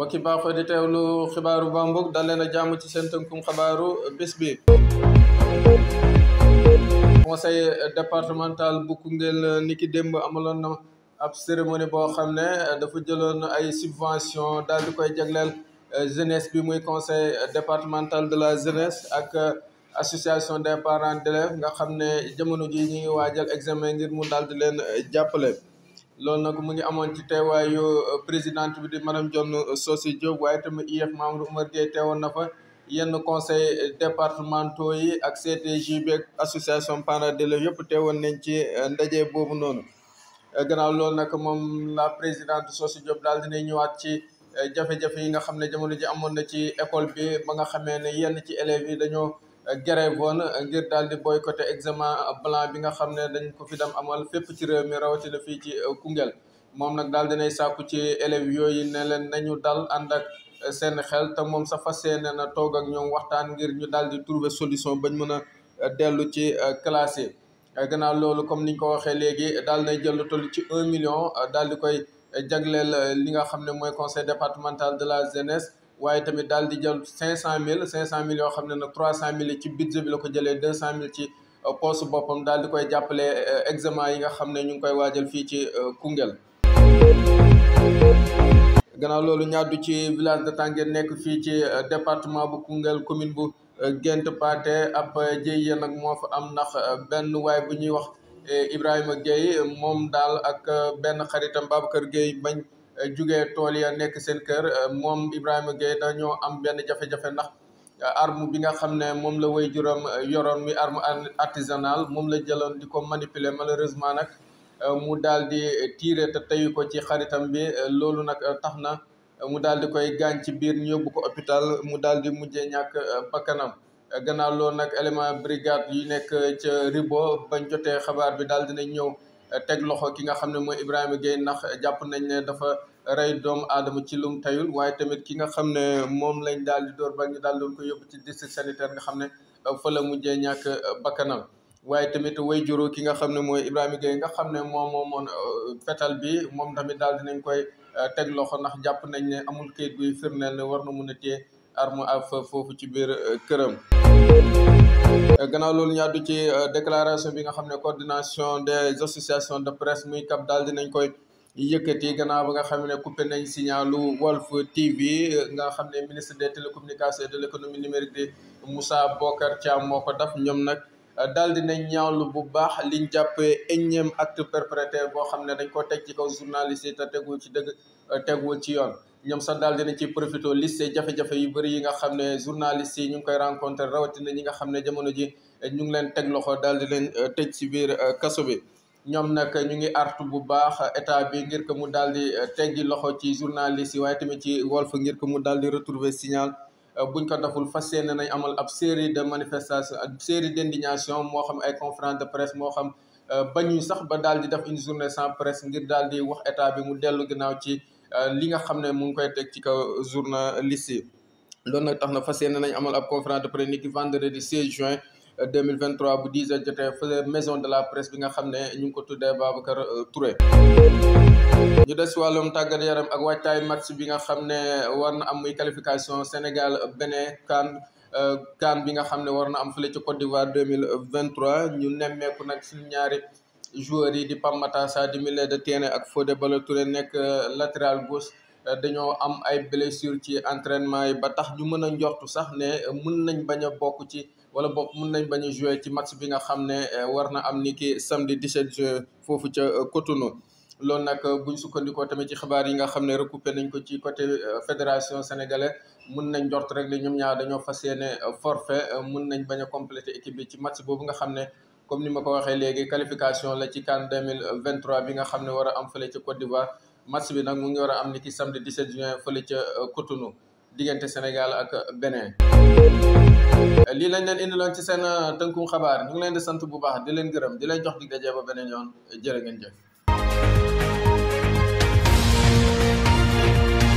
mbokki baaxoo di teewlu xibaaru bambuk dal leen a jàmm ci seen tënkum xabaaru bis bi conseil départemental bu Koungheul niki démb amaloon na ab cérémonie boo xam ne dafa jëloon ay subvention daal di koy jagleel jeunesse bi muy conseil départemental de la jeunesse ak association des parents d'élèves nga xam ne jamono ji ñu ngi waajal examen ngir mu daal di leen jàppale loolu nag mu ngi amoon ci teewaayu euh, présidente bi di madame Dione euh, Socé Diop waaye tamit IEF Mamadou Oumar Gueye teewoon na fa yenn conseil départementaux yi ak CTJ beeg association parents d'élèves yëpp teewoon nañ ci euh, ndaje boobu noonu gannaaw loolu nag moom la présidente Socé Diop daal dina ñëwaat ci jafe-jafe yi nga xam ne jamono ji amoon na ci école bi ba nga xamee ne yenn ci élèves yi dañoo grève woon ngir daal di boycotté examen blanc bi nga xam ne dañ ko fi dem amal fépp ci réew mi rawatina fii ci euh, Koungheul moom nag daal nay sàkku ci élèves yooyu ne leen nañu dal ànd ak euh, seen xel te moom sa fas yéene na toog ak ñoom waxtaan ngir ñu daal di trouver solution bañ mën a euh, dellu ci classe yi gannaaw loolu comme niñ ko waxee léegi daal nay jël toll ci un million daal di koy jagleel li nga xam ne mooy conseil départemental de la jeunesse waaye tamit daal di jël cinq cent mille cinq cent mille yoo xam ne nag trois cent mille ci budget bi la ko jëlee deux cent mille ci euh, poste boppam daal di koy jàppale euh, examen yi nga xam ne ñu ngi koy waajal fii ci euh, Koungheul gannaaw loolu ñaaddu ci village de Tanguèr nekk fii ci département bu Koungheul commune bu Gént Pathé ab jëy ya nag moo fa am ndax benn waay bu ñuy wax Ibrahima Gueye moom daal ak benn xaritam kër Gueye bañ jóge tool ya nekk seen kër euh, moom Ibrahima Gueye dañoo am benn jafe-jafe ndax euh, arme bi nga xam ne moom la way juróom euh, yoroon mi arme artisanale moom la jëloon di ko manipuler malheureusement nag mu daal di tiire te ko ci xaritam bi loolu nag tax na mu daal di koy gaañ ci biir ñu yóbbu ko hôpital mu daal di mujjee ñàkk bakkanam gannaaw loolu nag élément brigade yi nekk ca Ribo bañ jotee xabaar bi daal dinañ ñëw teg loxo ki nga xam ne mooy Ibrahima Gueye ndax jàpp nañ ne dafa rey doomu aadama ci lum tayul waaye tamit ki nga xam ne moom lañ daal di door ba ñu daal doon koy yóbbu ci district sanitaire nga xam ne euh, fa la mujjee ñàkk euh, bakkanam waaye tamit way juru ki nga xam ne mooy Ibrahima Gueye nga xam ne moom moomoon euh, fetal bi moom tamit daal nañ koy teg loxo ndax jàpp nañ ne amul kayit guy firndeel ne war na mun a téye arme à foofu ci biir këram. gannaaw loolu ñu ci déclaration bi nga xam ne coordination des associations de presse muy CAP daal dinañ koy. yëkkati gannaaw ba nga xam ne coupé nañ signalu Walf TV nga xam ne ministre des télécommunications et de l'économie numérique de Moussa Bocar Thiam moo ko def ñoom nag daal di nañ ñaawlu bu baax liñ jàppee énième acte perpétrateur boo xam ne dañ ko teg ci kaw journaliste yi te tegul ci dëgg tegul ci yoon. ñoom sax daal dinañ ci profité liste jafe-jafe yu bëri yi nga xam ne journaliste yi ñu ngi koy rencontré rawatina ñi nga xam ne jamono ji ñu ngi leen teg loxo daal di leen tëj ci biir kaso bi. ñoom nag ñu ngi artu bu baax état bi ngir que mu daal di eh, teggi loxo ci journaliste yi waaye tamit ci Walf ngir que mu daal di retrouver signal eh, buñ ko deful fas yéene nañ amal ab série de manifestation ak série d'indignation moo xam ay conférence de presse moo xam eh, ba ñu sax ba daal di def une journée sans presse ngir daal di wax état bi mu dellu ginnaaw ci li nga xam ne mu ngi koy teg ci kaw journaliste yi loolu nag tax na fas yéene nañ amal ab conférence de presse niki vendredi 16 juin 2023 bu 10 heures jotee fële maison de la presse bi nga xam ne ñu ngi ko tuddee Babacar euh, Touré. ñu des wàllum tàggat yaram ak waajtaay match bi nga xam ne war na am muy qualification Sénégal Bénin CAN euh, CAN bi nga xam ne war na am fële ci Côte d'Ivoire 2023 ñu nemmeeku nag suñu ñaari. joueurs yi di pamata Matar Sarr di milieu de terrain ak Fodé Ballo-Touré nekk euh, latéral gauche dañoo am ay blessure ci entraînement yi ba tax ñu mën a njortu sax ne mën nañ bañ a bokk ci wala boog mun nañ bañ a joué ci match bi nga xam ne euh, war na am ni ki samedi 17 juin foofu ca euh, Cotonou. loolu nag euh, buñ sukkandikoo tamit ci xabaar yi nga xam ne recoupé nañ ko ci côté fédération sénégalaise mun nañ jort rek ne ñoom ñaar dañoo fas yéene forfait mun nañ bañ a complété équipe bi ci match boobu nga xam ne comme ni ma ko waxee léegi qualification la ci mille CAN 2023 bi nga xam ne war a am fële ca Côte d'Ivoire match bi nag mu ngi war am ni ki samedi 17 juin fële ca Cotonou. diggante Sénégal ak Benin lii lañ leen indiloon ci seen euh, tënku xabaar ñu ngi leen di sant bu baax di leen gërëm di leen jox dig daje ba beneen yoon jërë ngeen jëf